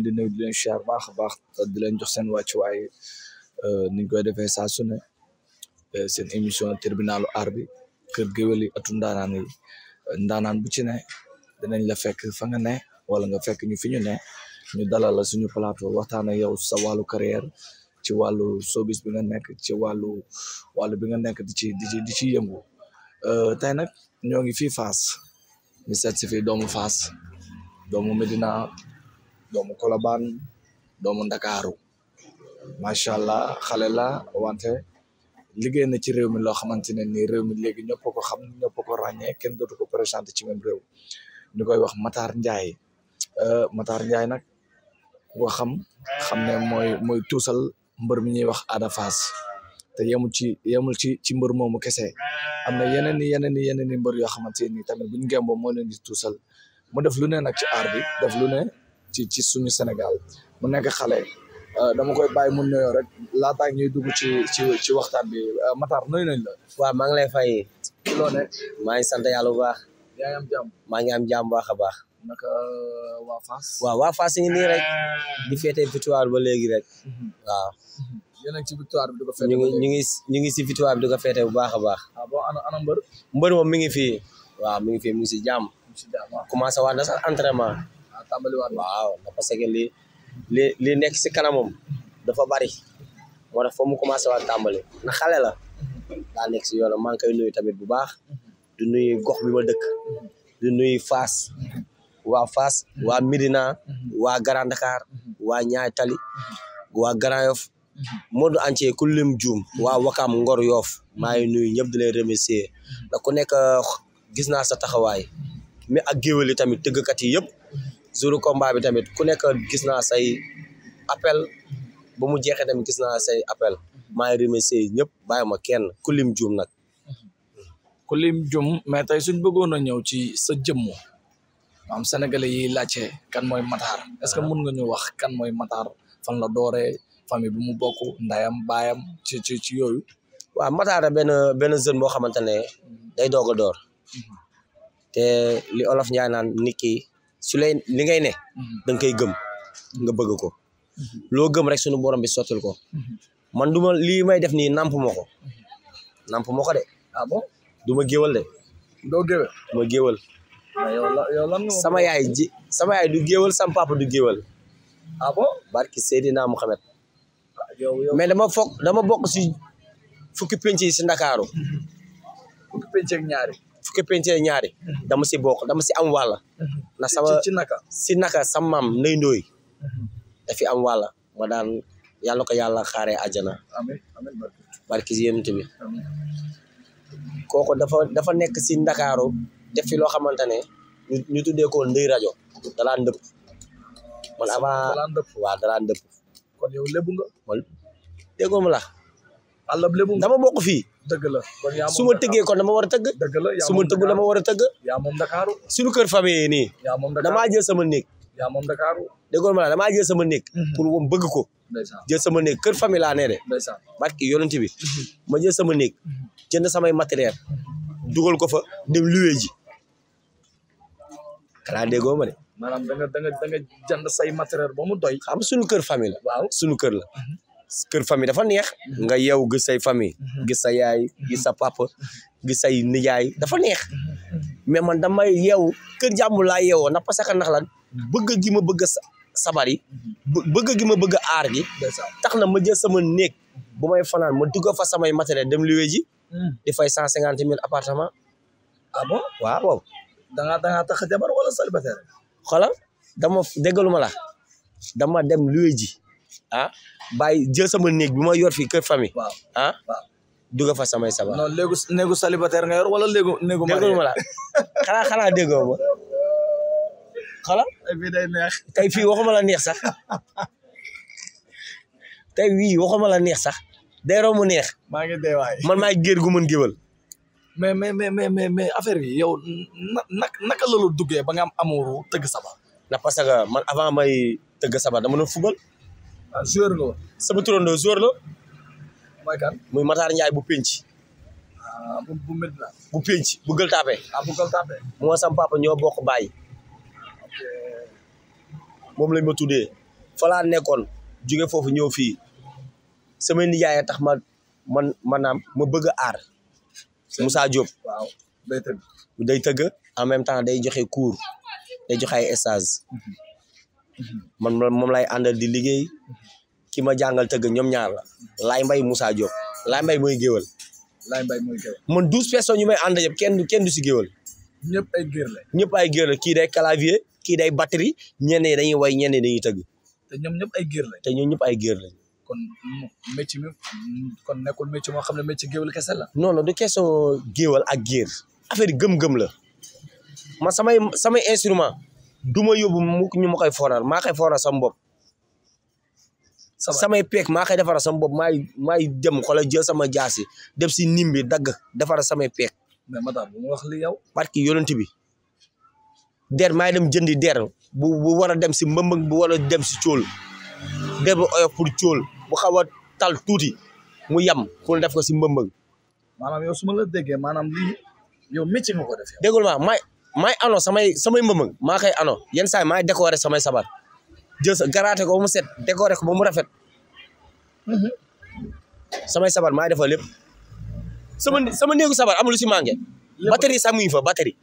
leen di nuyu di leen siyaar baax a baax di leen jox seen wàccuwaay euh, niñ koy defee saa su ne euh, seen émission tribunalu aar bi kër géwél atu ndaanaan yi ndaanaan bu ci ne dinañ la fekk fa nga ne wala nga fekk ñu fi ñu ne ñu dalal la suñu plateau waxtaan ak yow sa wàllu carrière ci wàllu showbiz bi nga nekk ci wàllu wàllu bi nga nekk di ci di ci di ci yëngu euh, tey nag ñoo ngi fii Fass doomu Kolobaan doomu Ndakaaru macha allah xale la wante liggéey na ci réew mi loo xamante ne nii réew mi léegi ñëpp xam ñëpp ko ràññee kenn dootu ko présenté ci même réew ñu koy wax Matar Ndiaye euh, Matar Ndiaye nag ku xam xam ne mooy mooy tuusal mbër mi ñuy wax Ada Fass te yemul ci yemul ci ci mbër moomu kese am na yeneen yeneen yeneen i mbër yoo xamante ni tamit bu ñu gëmboo moo leen di tuusal mu def lu ne nag ci aar def lu ne ci ci suñu Sénégal mu nekk xale euh, dama koy bàyyi mu nuyoo rek laataa ñuy dugg ci ci ci waxtaan bi euh, Matar nuyu nañ la. waaw maa ngi lay fay. loo ne. maa ngi sant yàlla bu baax. yaa ngi am maa ngi am jàmm bu a baax. naka euh, waa Fass. waaw waa Fass ngi nii rek. di féete victoire ba léegi rek. Mm-hmm. waaw. Mm-hmm. yéen a ngi ci victoire bi di ko féete. ñu ngi ñu ngi ñu ngi si victoire bi di ko féete bu baax a baax. Ah mbër. mi ngi fii. waaw mi ngi fii mi si jàmm. mi ngi si tàmbaliwaat waaw parce li li li nekk si kanamam dafa bari moo tax fa mu commencé waat tàmbali na xale la daa nekk si yoonam maa ngi koy nuyu tamit bu baax du nuyu gox bi ma dëkk du nuyu Fass waa Fass waa Médina waa Grand Dakar Tali waa Grand Yoff moo du entier ku lim juum waa Wakaam Ngor Yoff maa ngi nuyu ñëpp di leen remercier da ku nekk naa sa taxawaay mais ak géwél tamit tëggkat yi yëpp jouru combat bi tamit ku nekk gis naa say appel ba mu jeexee tamit gis naa say appel maa ngi remercier ñëpp bàyyi ma kenn ku lim jum nag ku lim jum mais tey suñ bëggoon a ñëw ci sa jëmmu am sénégalais yi laajte kan mooy Matar est que ah. mun nga ñu wax kan mooy Matar fan la dooree famille bu mu bokk ndayam baayam ci ci ci wa waaw Matar benn benn jeune boo xamante ne day doog a door mhm. te li olof Njaay naan su lay li ngay ne mhm. da nga koy gëm nga bëgg ko mhm. loo gëm rek sunu borom bi sotil ko mhm. man du ma lii may def nii namp ma ko namp ma ko de ah ma géwal de doo géwal géwal ah, sama yaay ji sama yaay du géwal sama papa du géwal ah bon barki Seydina Muhammad ah, mais dama foog dama bokk si fukki penc yi si Ndakaaru fukki penc ak ñaari fukki penc dama si bokk dama si am wàlla ndax sama ci naka si naka samam maam Ndeye mhm. dafi am wàlla ma daan yàlla ko yàlla xaaree àjjana barki si yéen tamit kooku dafa dafa nekk si ndakaaru def fi loo xamante ne ñu ñu tuddee ko ndëy rajo dalaan dëpp man avant dalaan dëpp waaw dëpp kon yow àllab lébu dama bokk fii dëgg la su ma tëggee kon dama war a tëgg dëgg la ma tëggu dama war a tëgg yaa moom Dakaaru suñu kër famille yi nii yaa moom Dakaaru damaa jël sama néeg yaa moom Dakaaru déggoon ma la damaa jël sama néeg mhm. pour wam bëgg ko sama néeg kër famille laa nee de barki yonent bi mhm. ma jël sama néeg mhm. jënd samay matériel dugal ko fa dem luwee ji xanaa déggoo ma de maanaam da da nga da say matériel ba mu doy xam suñu kër famille la waaw suñu kër la kër famille dafa neex mhm. nga yeew gis say famille mhm. gis sa yaay mhm. gis sa papa gis say nijaay dafa neex mais man damay yeew kër jàmbur laa yeewoo na parce que nax lan bëgg gi ma bëgg sabar yi bëgg gi ma bëgg aar gi tax na ma jël sama néeg bu may fanaan ma dugg fa samay matériel dem luwe ji di fay cent cinquante mille appartement ah bon waaw waaw dangaa dangaa tax dama déggaluma la dama dem luwe ji ah bàyyi jël sama néeg bi ma yor fii kër famille. waaw ah. duga fa samay sabar. non léegu néegu célibataire nga yor wala léegu. néegu marié ma la xanaa xanaa déggoo ma xala fii day neex. tey fii waxuma la neex sax tey wii waxuma la neex sax day romb neex. maa ngi dee waay man maay géer gu mën géwal. mais mais mais mais mais affaire bi yow na naka loolu duggee ba nga am amuuru tëgg sabar. na parce que man avant may tëgg sabar dama doon fubal. a ah, joueur nga woon. sama turandoo joueur la. mooy kan muy Matar Ndiaye bu penc. ah bu bu bu penc bu ah, moo sam papa ñoo bok bàyyi. moom lañ ma tuddee fa laa nekkoon jóge foofu ñëw fii sama nijaay tax ma man maanaam ma bëgg a aar Moussa Diop. waaw day tëgg. day tëgg en même temps day joxe cours day joxe man moom lay àndal di liggéey ki ma jàngal tëgg ñoom ñaar la Laay Mbay Moussa Diop Laay Mbay mooy géwal Laay Mbay mooy géwal man douze personnes yu may àndal yëpp kenn kenn du si géwal ñëpp ay géer la ñëpp ay géer la kii day clavier kii day batri ñenn yi dañuy way ñenn yi tëgg te ñoom ñëpp ay géer la te ñoom ñëpp ay géer la kon métier mi kon nekkul métier moo xam ne métier géwal kese la non non du question géwal ak géer affaire gëm-gëm la samay samay du ma yóbbu mukk ñu ma koy fooral sama bopp. samay peeg maa defara sambob bopp maay maay dem xoolal jël sama jaasi dem si nim bi dagg defara sama peeg. mais Matar yow. parce que yonent bi der maay dem jëndi der bu bu war a dem si mbëmbëg bu war a dem si cóol der bu oyof bu xaw a tal tuuti mu yam pour def ko si mbëmbëg. maanaam yow su ma la déggee maanaam lii ma may may ano samay samay ma maa koy ano yenn saa yi maay décorer samay sabar jël sa garaate ko ba set décorer ko ba mu rafet mm-hmm. samay sabar maay defal lépp sama sama néegu sabar amul lu si manqué batterie sax mu ngi fa batterie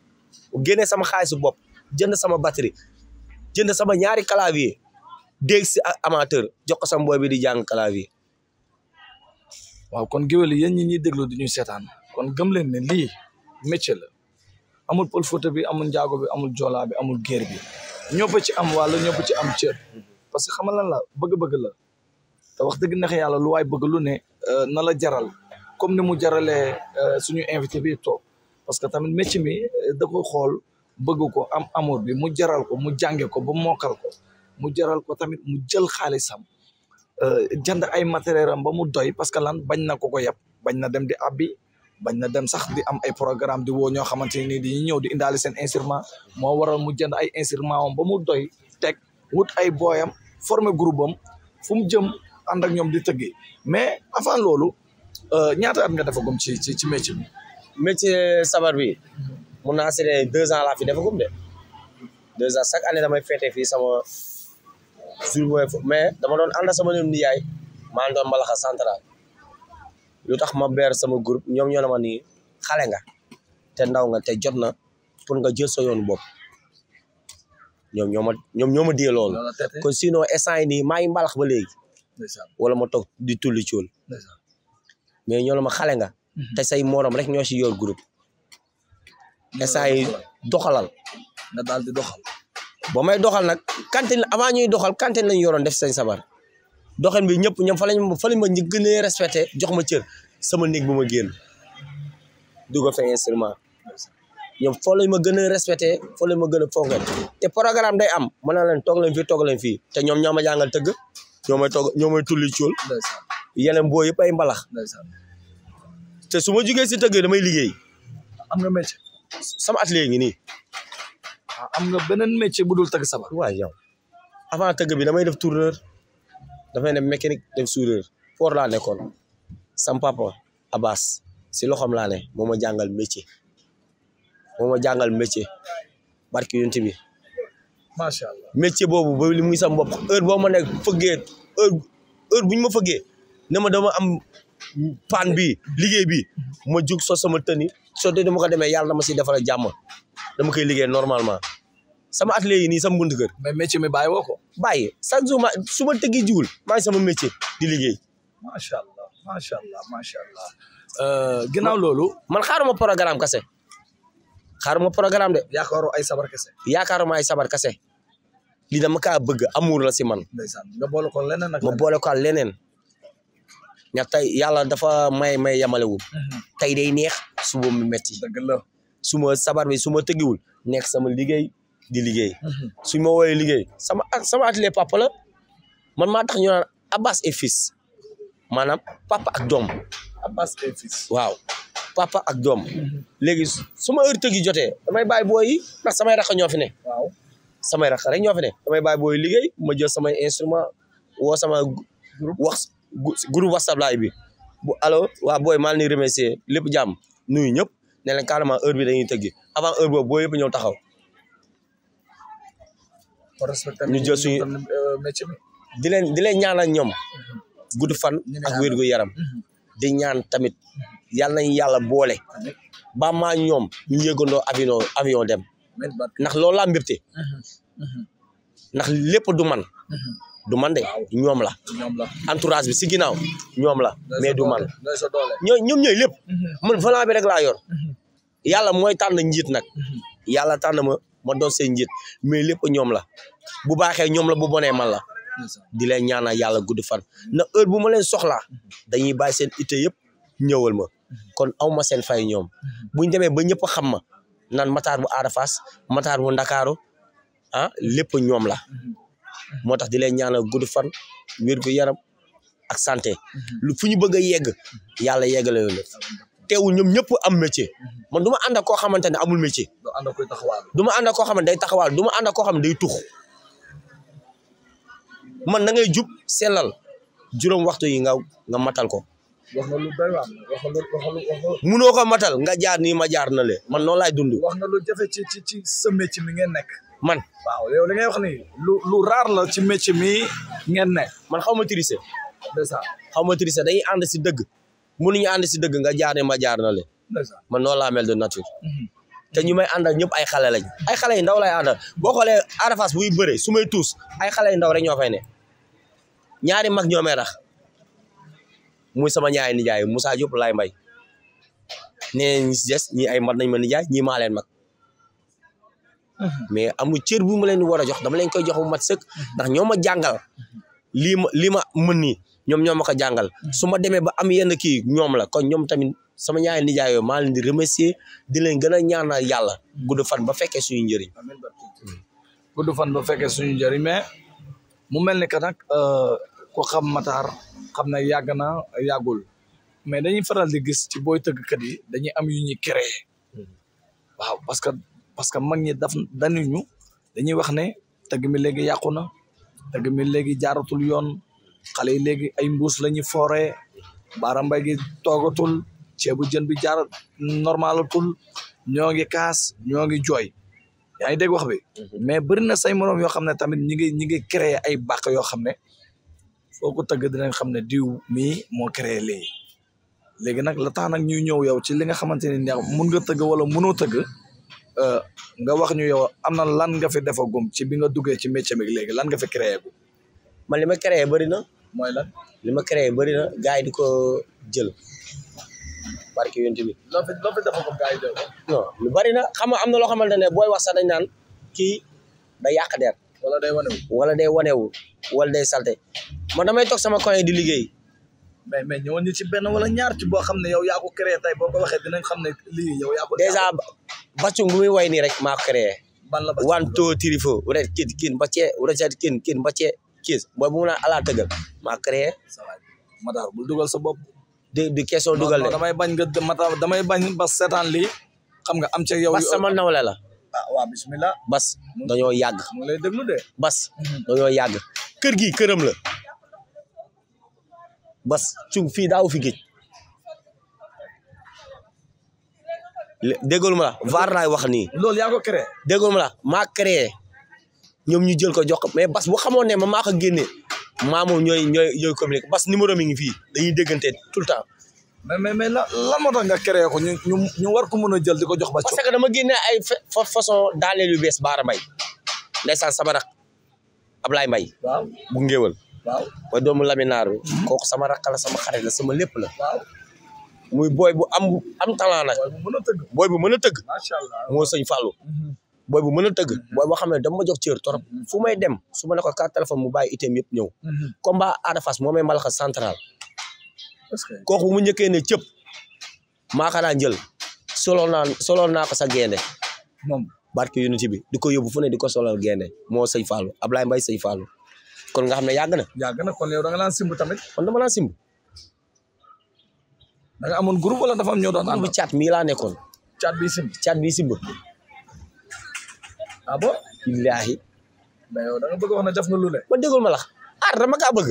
génne sama xaalisu bopp jënd sama batterie jënd sama ñaari clavier dégg si amateur jox ko sama boy bi di jàng clavier waaw kon géwél yéen ñi ñuy déglu di ñuy seetaan kon gëm leen ne amul Pël Fuuta bi amul njaago bi amul joolaa bi amul géer bi ñëpp ci am wàll ñëpp ci am cër parce que xamal lan la bëgg-bëgg la te wax dëgg neex yàlla lu waay bëgg lu ne euh, na la jaral comme ni mu jaralee euh, suñu invité bi toog parce que tamit métier mi euh, da ko xool bëgg ko am amour bi mu jaral ko mu jànge ko ba mookal ko mu jaral ko tamit mu jël xaalisam jënd ay matériel am ba mu doy parce que lan bañ na ko ko yàpp bañ na dem di abbi bañ na dem sax di am ay programme di woo ñoo xamante ni dañuy ñëw di indaale seen instrument moo waral mu jënd ay instrument am ba mu doy teg wut ay booyam former groupe am fu mu jëm ànd ak ñoom di tëggi mais avant loolu euh, ñaata am nga defagum ci ci ci métier bi. métier sabar bi mun naa seetlee deux ans laa fi defagum de deux ans chaque année damay féetee fii sama sur mais dama doon ànd sama ñoom ni yaay maa ngi doon mbalaxa lu tax ma beer sama groupe ñoom ñoo la ma nii xale nga te ndaw nga te jot na pour nga jël sa yoon bopp ñoom ñoo ma ñoom ñoo ma dee loolu kon sinon instant yi nii maa mbalax ba léegi wala ma toog di tulli cool mais ñoo la ma xale nga te say morom rek ñoo si yor groupe instant yi doxalal nga daal doxal ba may doxal nag kantin avant ñuy doxal kantin lañu yoroon def say sabar doxin bi ñëpp ñoom fa lañ fa lañ ma ñu gën a respecté jox ma cër sama néeg bu ma génn dugal fa instrument ñoom foo lañ ma gën a respecté foo lañ ma gën a fonkee te programme day am mën naa leen toog leen toog leen fii te ñoom ñoo ma jàngal tëgg ñoo may toog ñoo may tulli ciol yeneen boo yëpp ay mbalax te su ma jugee si tëgg damay liggéey am nga métier sama atelier ngi nii ah, am nga beneen métier bu dul tëgg sabar waaw yow avant bi damay def tourneur dafay ne mécanique def soudeur foor laa nekkoon sam papa Abbas si loxoom laa ne moo ma jàngal métier moo ma jàngal métier barki yonent bi macha métier boobu ba li muy sam bopp heure boo ma nekk fëggee heure heure bu ñu ma fëggee ne ma dama am paan bi liggéey bi ma jug so sama tëni soo dee dama ko demee yàlla dama si defal jàmm dama koy liggéey normalement sama atelier yi nii sama buntu kër. mais métier mi bàyyi woo ko. bàyyi chaque jiwul maa sama métier di liggéey. macha allah macha allah macha allah. Euh, ginnaaw loolu. man xaaruma programme kese. xaaruma programme de. yaakaaroo ay sabar kese. yaakaaruma ay sabar kese. lii dama bëgg amour la si man. ndeysaan nga boole ko ma boole ko leneen. ndax tey dafa may may yamalewul mhm. tey day neex suba mu metti su ma sabar bi su ma tëggiwul neex sama liggéey. di liggéey. Mhm. suñ ma woowee liggéey sama sama atelier papa la man maa tax ñu naan Abbas et fils maanaam papa ak doom. Abbas waaw papa ak doom. Mhm. léegi su ma heure tëggi jotee damay bàyyi booy yi ndax samay raxa ñoo fi ne. waaw samay rek ñoo fi ne damay bàyyi booy liggéey ma jël samay instrument woo sama wax groupe WhatsApp laay bi bu allo waa booy maa ngi leen remercier lépp jàmm nuyu ñëpp ne leen carrément heure bi dañuy tëggi avant heure boobu booy ñëw taxaw. ñu jël suñu euh, di leen di leen ñaanal ñoom mhm. gudd fan ak wér gu yaram mhm. di ñaan tamit yàlla nañ yàlla boole ba ma ñoom ñu yëgandoo avion avion dem ndax loolu laa mbirte mhm. ndax lépp du man du man de ñoom la entourage bi si ginnaaw ñoom la mais du man ñoo ñoom ñooy lépp man volant bi rek laa yor yàlla mooy tànn njiit nag yàlla tànn ma doon seen njiit mais lépp ñoom la bu baaxee ñoom la bu bonee man la di leen ñaanal yàlla gudd fan na heure bu ma leen soxlaa dañuy bàyyi seen ité yëpp ñëwal ma kon aw ma fay ñoom buñ demee ba ñëpp xam ma naan mataar bu Ada matar bu ndakaaru ah lépp ñoom la moo tax di leen ñaanal gudd fan wér yaram ak santé lu fu ñu bëgg a yegg yàlla yeggale yoon teewul ñoom ñëpp am métier man du ma ànd ak koo xamante ne amul métier. du ma koy taxawaal du ma koo xam ne day taxawaal du ma ànd xam ne day tux man na ngay jub selal juróom waxtu yi nga nga matal ko. wax nga lu doy waar ko matal nga jaar nii ma jaar na le man noonu laay dund. wax nga lu jafe ci ci ci sa métier mi ngeen nekk. man waaw yow li lu lu raar la ci métier mi ngeen nekk. man xaw ma tricher. c'est xaw ma tricher dañuy ànd si dëgg. ñu ànd si dëgg nga jaar ma jaar na le man noonu laa mel de nature mhm. te ñu may àndal ñëpp ay xale lañ ay xale yu ndaw lay àndal boo xoolee Ada Fass buy bëre su may tuus ay xale yu ndaw rek ñoo fay ne ñaari mag ñoo may rax muy sama ñaari nijaay Moussa Diop laay mbay nee ñi si des ñii ay mat nañ ma nijaay ñii maa leen mag mhm. mais amul cër bu ma leen war a jox dama leen koy jox bu mat sëkk mhm. ndax ñoo ma jàngal lii ma lii ma mën nii ñoom ñoo ma ko jàngal mm-hmm. su ma demee ba am yenn kii ñoom la kon ñoom tamit sama ñaari nijaay yooyu maa leen di remercier di leen gën a ñaanal yàlla mm-hmm. gudd fan ba fekkee suñu njëriñ gudd fan ba fekkee suñu njëriñ mais mu mel ni que nag euh, ko xam Matar xam na yàgg na yàggul mais dañuy faral di gis ci booy tëggkat yi dañuy am yu ñuy créer mm-hmm. waaw que parce que mag ñi daf dañuñu dañuy wax ne tëgg mi léegi yàqu na léegi jaaratul yoon xale yi léegi ay mbuus la ñuy fooree baarambay gi toogatul ceebu jën bi jar normal normalatul ñoo ngi kaas ñoo ngi joy yaa ngi wax bi mhm. mais bëri na say moroom yoo xam ne tamit ñi ngi ñi ngi créer ay bàq yoo xam ne foo ko tëgg dinañ xam ne diw mi moo créer lii léegi nag la tax nag ñuy ñëw yow ci li nga xamante ni neex mun nga tëgg wala mënoo tëgg euh, nga wax ñu yow am na lan nga fi defagum ci bi nga duggee ci métier mi léegi lan nga fi créer gu ma créer bëri na mooy lan. li ma créé bëri na gars di ko jël barki yonent bi. loo fi loo fi defal na xam nga am na loo xamante ne booy wax sax dañ naan kii day yàq der. wala day wanewu wala day wanewu wala day salte man damay toog sama coin di liggéey. mais mais ñëwoon ñu ci benn wala ñaar boo xam ne yow yaa ko créé waxee dinañ xam ne lii yow yaa ko. muy way nii rek ma ko ban la Bathioum wan too tirifo wala kin kin ba cee wala kin kin ba cee. Thiès booy bu mu naan ala tëgal dugal sa bopp. di di damay bañ nga damay bañ ba seetaan lii xam nga am ci yow. Bas sama nawle la. Ah, Bas dañoo yàgg. mu lay déglu de. Bas mhm. dañoo yàgg. kër gi këram la. Bas cung fii daaw fi géej. déggoolu ma la vaar wax nii. loolu yaa ko créé. déggoolu ma la ñoom ñu jël ko jox ko mais bas bu xamoon ne ma maa ko génnee maa moom ñooy ñooy ñooy communiqué bas numéro mi ngi fii dañuy déggante tout le temps. mais mais mais lan lan moo tax nga créé ñu ñu war ko mën a jël di ko jox ba. parce que dama génne ay façon daaleel yu bees Baara Mbaye. sama rakk Ablaye Mbaye. waaw bu ngéwal. waaw mooy doomu laminaar sama rakk sama xarit la sama lépp la. waaw muy booy bu am am talent nag. bu mën a tëgg. booy bu macha allah moo sëñ Fallou. Mhm. booy bu mën a tëgg mm-hmm. booy boo xam ne dama ma jox cër torop mm-hmm. fu may dem su ma ne ko carte téléphone mu bàyyi itam yëpp ñëw mm-hmm. combat Ada Fass moo may malaxa central kooku mu njëkkee ne cëpp maa xanaa njël soloon naa soloon naa ko sa génde moom barke yonent bi di ko yóbbu fu ne di ko solol génde moo sëñ Fallou Ablaye Mbaye sëñ Fallou kon nga xam ne yàgg na yàgg na kon yow da nga naan simb tamit kon dama naan amoon groupe wala dafa am ñoo doon ànd caat mii laa nekkoon caat bi simb caat bi simb ah bon billaahi mais yow da bëgg wax ne def nga lu ne ba ma lax aar ah, dama kaa bëgg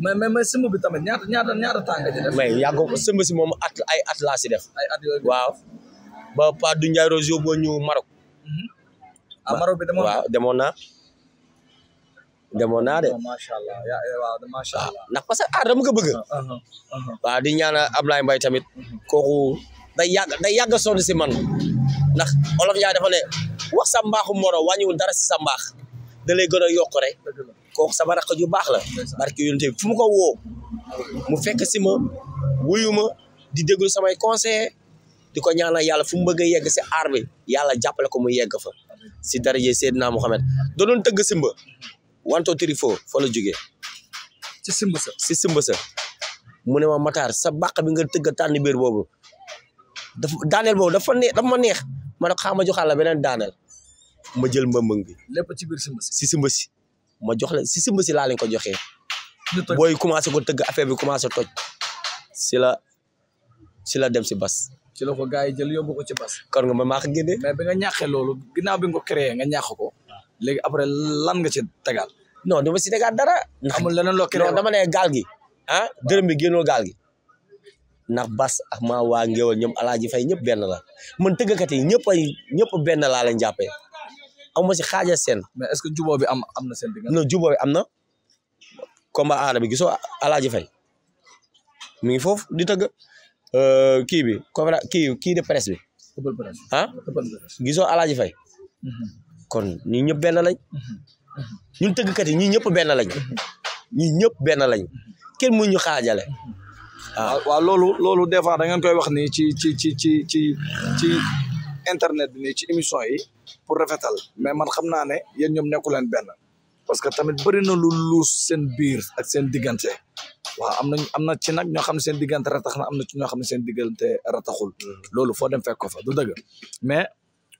mais mais mais simb bi tamit ñaata ñaata ñaata temps nga ci def si moom at ay at laa si def ay at yooyu waaw ba pa du Ndiaye Rose yóbboo ñu Maroc mhm. ah Maroc bi demoon waaw demoon naa demoon naa de ah, macha allah eh, waaw macha allah ah, ndax parce que aar dama di ñaana Ablaye Mbaye tamit mhm. kooku day yàgg day yàgg sonn si man ndax wax sa moro wàññiwul dara si sa mbaax da lay gën a yokk rek kooku sama rakk ju baax la barke fu mu ko woo mu fekk si ma ma di déglu samay conseil di ko ñaanal yàlla fu mu bëgg a yegg si aar bi yàlla jàppale ko mu yegg fa si daraje Seydina Mohamed da doon tëgg simba wanto trifo fa la jógee si simba sa si simba sa mu ne ma Matar sa bàq bi nga tëgg tànn biir boobu dafa daaneel boobu dafa neex dafa ma neex ma ne xaaral ma joxaat la beneen daaneel ma jël mbëmbëng gi lépp ci biir si. si simba si ma jox leen si simba si laa leen ko joxe booy commencé ko tëgg affaire bi commencé toj. si la si la dem si bas. ci la ko gars yi jël yóbbu ko ci bas. kon ma maa ko génnee. mais bi nga ñàkkee loolu ginnaaw bi nga ko créé nga ñàkk ko. léegi après lan nga ci tegaat. non dama si tegaat dara. amul leneen loo créé dama ne gaal gi. ah dërëm bi génnoo gaal gi. ndax bas ak maa waa ngéwal ñoom alaaji fay ñëpp benn la man tëggkat yi ñëpp ay ñëpp benn laa leen amu ma si xaaja seen. mais est que jubóo bi am am na seen diggante. non jubóo am na combat aada bi gisoo Alaaji Fay mi ngi foofu di tëgg euh, kii bi comme kii kii de presse bi. ah gisoo Alaaji Fay mm-hmm. kon ñun ñëpp benn lañ mm-hmm. ñun tëggkat yi ñun ñëpp benn lañ mm-hmm. ñun ñëpp benn lañ kenn mu ñu xaajale. Ah. waaw waaw loolu loolu des fois da ngeen koy wax ni ci ci ci ci ci. internet bi nii ci émission yi pour rafetal mais man xam naa ne yéen ñoom nekku leen benn parce que tamit bëri na lu luus seen biir ak seen diggante waaw am nañ am na ci nag ñoo xam ne seen diggante ratax na am na ci ñoo xam ne seen diggante rataxul mm. loolu foo dem fekk ko fa du dëgg mais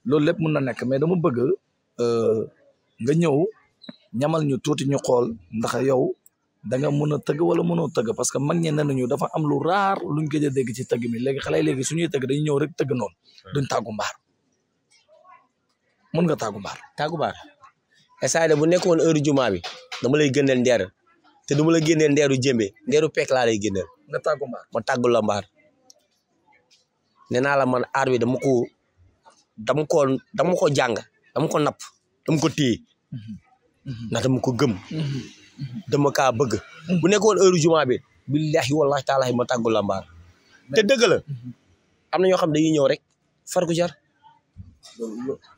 loolu lépp mun na nekk mais dama bëgg euh, nga ñëw ñamal ñu tuuti ñu xool ndax yow da nga mën a tëgg wala mënoo tëgg parce que mag ñe ne nañu dafa am lu raar luñ gëj a ci tëgg mi léegi xalay yi léegi suñuy tëgg dañuy ñëw rek tëgg noonu duñ tàggu mbaar mën nga tàggu mbaar tàggu mbaar esaay da bu nekkoon heure jumaa bi dama lay gëneel ndeer te dama la génneel ndeeru jëmbe ndeeru pekk laa lay génneel nga tàggu mbaar ma tàggu la mbaar nee naa la man aar bi dama ko dama ko jàng dama ko napp dama ko téye mhm. Mhm. ko gëm mhm. dama kaa bëgg. bu nekkoon heure jumaa bi. billahi wallahi taalahi ma tàggu lambaar. te dëgg la mhm. am na ñoo xam dañuy ñëw rek far jar.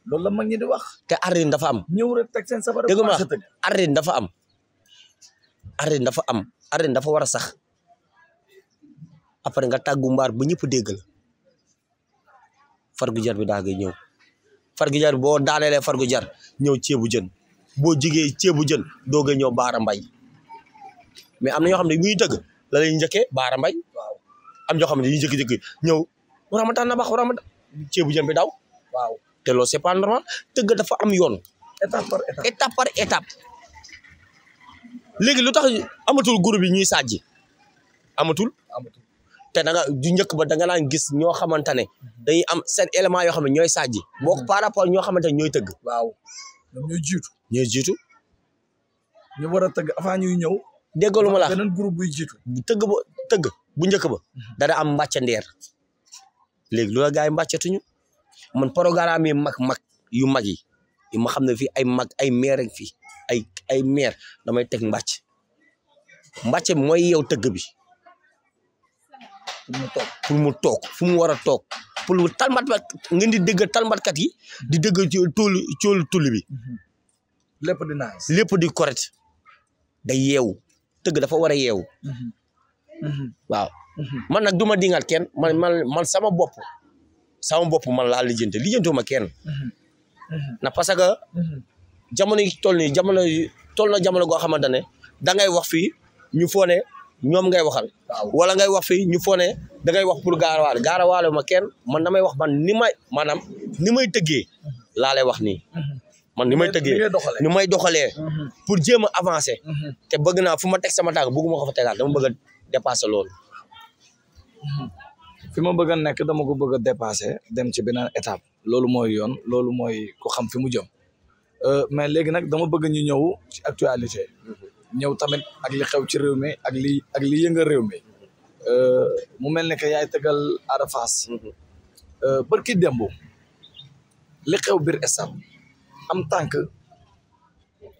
loolu la mag ñi di wax. te arrin dafa am. ñëw teg seen sabar dëgg ma arrin dafa am. arrin dafa am arrin dafa war a sax après nga tàggu mbaar ba ñëpp dégg fargu jar bi daa ngay ñëw fargu jar bi boo daanelee fargu jar ñëw ceebu jën. boo jigee ceebu jën doog a ñëw baara mbay mais am na ñoo xam ne bu ñuy tëgg la lay njëkkee mbay am ñoo xam ne dañuy jëkki-jëkki ñëw ramatan na bax ramatan ceebu jën bi daw waaw te loolu c'est normal tëgg dafa am yoon étape par étape léegi lu tax amatul groupe yi ñuy sàjji amatul te da nga du njëkk ba da nga naan gis ñoo xamante ne mhm. dañuy am seen élément yoo xam ne ñooy sàjji bokk mhm. par rapport ñoo xamante ne ñooy tëgg waaw ñoom jiitu. ñooy jiitu. ñu war a tëgg avant ñuy ñëw. déggalu ma la beneen groupe jiitu. tëgg ba tëgg bu njëkk ba. Mhm. dana am mbàccandeer. léegi loolu gars yi mbàccatuñu man programme yi mag mag yu mag yi yu ma xam ne fii ay mag ay meer ak fii ay ay meer damay teg mbàcc mbàcc bi mooy yow tëgg bi. pour mu toog pour mu toog fu mu war a toog. pour talmat ngeen di dégg talmatkat yi di dëgg toolu coolu tulli bi. Mhm. lépp di naaj. lépp di correct day yeewu tëgg dafa war a yeewu. Mhm. Mhm. waaw man nag duma ma dingaat kenn man man man sama bopp sama bopp man laa lijjante lijjantuma kenn. na parce que jamono yi toll nii jamono yi toll na jamono goo xamante ne da ngay wax fii ñu foo ne ñoom ngay waxal. wala ngay wax fii ñu da ngay wax pour wale gaarawaale ma kenn man damay wax man ni may maanaam ni may tëggee laa lay wax nii man ni may tëggee ni may doxalee mhm. pour jéem a avancer mhm. te bëgg naa fu ma teg sama tànk bëgguma ko fa tegaat dama bëgg a dépasser loolu mhm. fi ma bëgg a nekk dama ko bëgg a dépasser dem ci beneen étape loolu mooy yoon loolu mooy ko xam fi mu jëm euh, mais léegi nag dama bëgg ñu ñëw ci actualité ñëw tamit ak li xew ci réew mi ak li ak li yëngal réew mi Euh, mu mel ne que yaay tegal Ada Fass euh, barki dembu li xew biir esam am tànk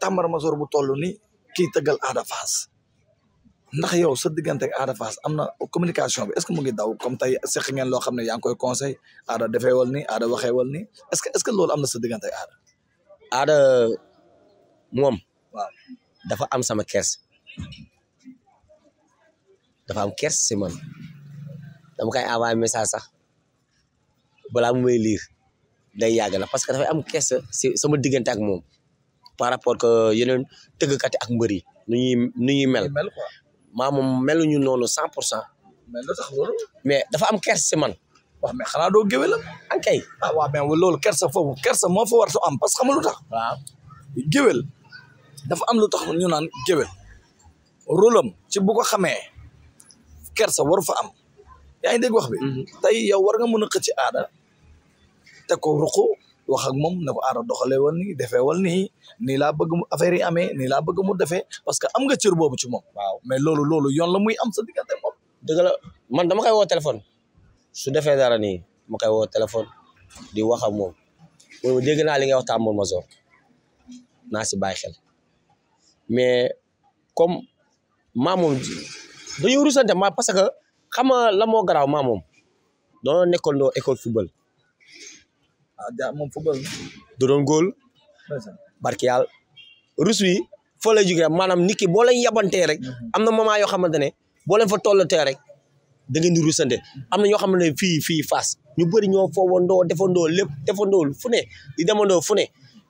Tamba Masor bu toll ni kii tegal Ada Fass ndax yow sa diggante ak Ada Fass am na communication bi ce mu ngi daw comme tey seq ngeen loo xam ne ngi koy conseil Ada defee wal ni Ada waxee wal ni est-ce que est-ce am na sa Ada. Ada moom. dafa am sama kees. dafa am kers si man dama koy envoyé message sax balaa mu may lire day yàgg na parce que dafay am kers sama diggante ak moom par rapport que yeneen tëggkat yi ak mbër yi nu ñuy nu ñuy mel maa moom meluñu noonu cent pour cent mais mais dafa am kers si man waaw mais xanaa doo géwél la ankay ah, ah waaw mais loolu kersa foofu kersa moo fa war su am parce que xam nga lu dafa am lu tax ñu naan ci bu ko kersa waru fa am yaa ngi dégg wax bi mhm. tey yow war nga mën a xëcc aada te ko ruq wax ak moom ne ko aada doxalee woon nii defee woon nii nii laa bëgg mu affaire yi amee nii laa bëgg mu defee parce que am nga cër boobu ci moom waaw mais loolu loolu yoon la muy am sa diggante moom dëgg la man dama koy woo téléphone su defee dara nii ma koy woo téléphone di wax ak moom moom dégg naa li ngay wax tàmbal ma soor naa si bàyyi xel mais comme maa moom dañoo rusante ma parce que xam nga la moo garaaw moom doon nekkoon doo école football. ah ja moom football. da doon góol. barki yàlla rus wi foo lay jugee maanaam nit ki boo leen yabantee rek mhm. am na moment yoo xamante ne boo leen fa te rek da ngeen di rusante am na ñoo xam ne fii fii Fass ñu bëri ñoo foowandoo defandoo lépp defandoo fu ne di demandoo fu ne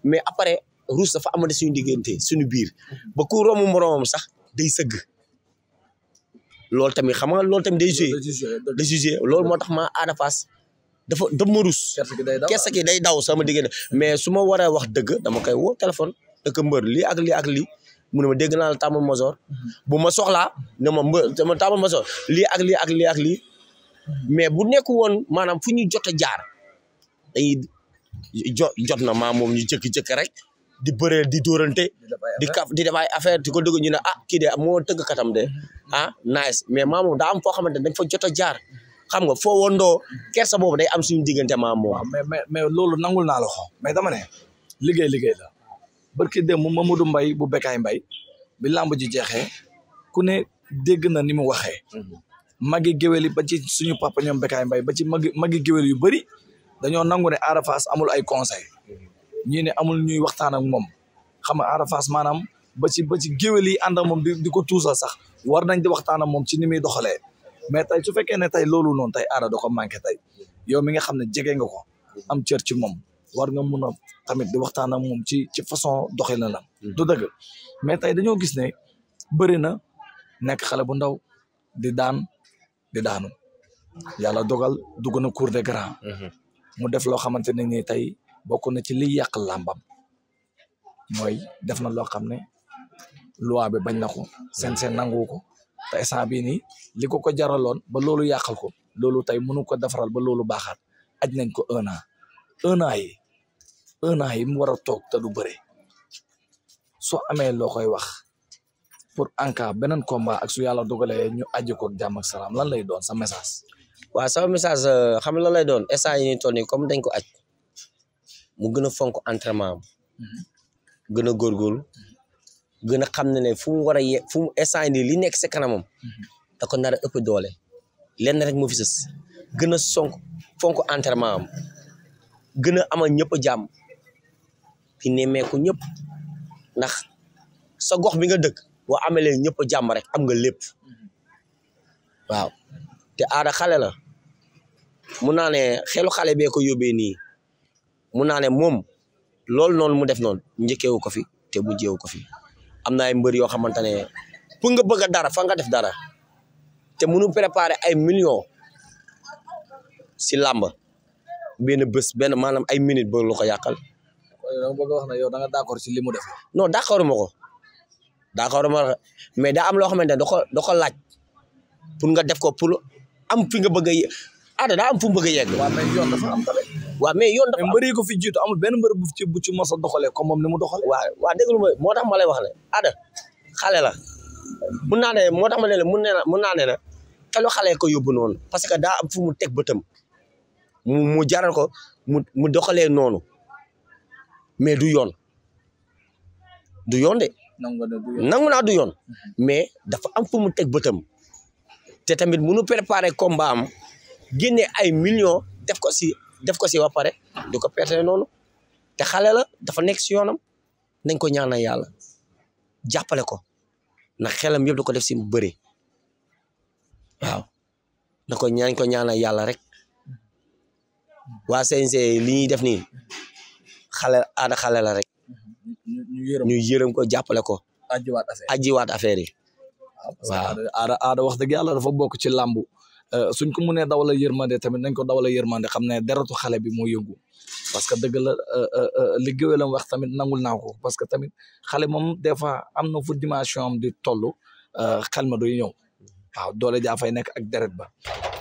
mais après rus dafa amati suñu diggante suñu biir ba ku romb moroomam sax day sëgg. loolu tamit xam nga loolu tamit day joué day joué loolu moo tax ma Ada Fass dafa daf ma rus kersa ki day daw sama diggante mais su ma war wax dëgg dama koy woo téléphone dëkk mbër li ak lii ak lii mu ne ma dégg naa la tàmbal masoor mhm. bu ma soxlaa ne ma mbër ma tàmbal masoor lii ak lii ak lii ak lii mhm. mais bu nekk woon maanaam fu ñu jot a jaar dañuy jot na maa moom ñu jëkki rek di bëreel di dóorante di kaf di def ay affaire di ko dégg ñu ne ah kii de moo tëgg katam de mm-hmm. ah nice mais maam moom daa am foo xamante ne dañ fa jot a jaar xam nga foo wondoo mm-hmm. kersa boobu day am suñu diggante maam moom. waaw mais mais mais loolu nangul naa la ko mais dama ne liggéey liggéey la barki démb Mamadou Mbaye bu Bekaay Mbaye bi làmb ji jeexee ku ne dégg na ni mu waxee mm-hmm. magi géwél yi ba ci suñu papa ñoom Bekaay Mbaye ba ci magi magi géwél yu bëri dañoo nangu ne Ada Fass amul ay conseil ñii ne amul ñuy waxtaan ak moom xam nga Ada Fass maanaam ba ci ba ci géwél yi ànd ak moom di ko tuusal sax war nañ di waxtaan ak moom ci ni muy doxalee mais tey su fekkee ne tey loolu noonu tey Ada da ko tey yow mi nga xam ne jege nga ko am cër ci moom war nga mun a tamit di waxtaan ak moom ci ci façon doxee na la hmm. du dëgg mais tey dañoo gis ne bëri na nekk xale bu ndaw di daan di daanu yàlla dogal dugg na cour des hmm. mu def loo xamante ne ni tey bokk na ci liy yàq làmbam mooy def na loo xam ne loi bi bañ na ko seen seen ko te instant bii nii li ko ko jaraloon ba loolu yàqal ko loolu tey mënu ko defaral ba loolu baaxaat aj nañ ko un an un an yi yi mu war a toog te du bëre soo amee loo koy wax pour en cas beneen combat ak su yàlla dogalee ñu aji ko jàmm ak salaam lay doon sa message. waaw sama message euh, xam lan doon instant yi nii toll aj mu gën a fonk entraînement am mm-hmm. gën a góorgóorlu mm-hmm. gën a xam ne ne fu mu war a ye fu mu instant nii li nekk si kanamam mm-hmm. da ko nar a ëpp doole lenn rek moo fi sës gën a sonk fonk entraînement am gën a amal ñëpp a jàmm di nemmeeku ñëpp ndax sa gox bi nga dëkk boo amalee ñëpp a jàmm rek am nga lépp waaw te aada xale la mun naa ne xelu xale bee yóbbee nii mun naa ne moom loolu noonu mu def noonu njëkkeewu ko fi te mujjeewu ko fi am na ay mbër yoo xamante ne pour nga bëgg dara fa nga def dara te munu préparer ay millions si làmb benn bés benn maanaam ay minutes ba lu ko yàqal. dama bëgg wax ne yow da nga d'accord si li mu def. non d'accord ma ko d'accord ma mais daa am loo xamante ne da ko ko laaj pour nga def ko pour am fi nga bëgg a ye ah bëgg a yegg. waaw mais yoon dafa mbëri ko fi jiitu amul benn mbër bu ci bu ci mos a doxalee comme moom ni mu doxalee waaw waaw déglu moo tax ma lay ada xale la mun naa ne moo tax ma ne la mun ne mun naa ne ne xelu ko yóbbu noonu parce que daa am fu mu teg bëtam mu mu jaral ko mu mu doxalee noonu mais du yoon du yoon de nangu naa du yoon mhm. mais dafa am fu mu teg bëtam te tamit munu préparer combat am génne ay millions def ko si def ko si ba pare du ko perte noonu te xale la dafa nekk si yoonam nañ ko ñaanal yàlla jàppale ko ndax xelam yëpp da ko def si bëre waaw na ko ñaañ ko ñaanal yàlla rek waa CNG li ñuy def nii xale aada xale la rek ñu yërëm ko jàppale ko ajiwaat affaire yi waaw aada wax dëgg dafa bokk ci làmbu Euh, suñ ko mënee dawala yërmande tamit nañ ko dawala yërmande xam ne deratu xale bi moo yëngu parce que dëgg la euh, euh, li géwélam wax tamit nangul naa ko parce que tamit xale moom des fois am na fu dimension am di toll xel ma doy ñëw waaw doole jaa fay nekk ak deret ba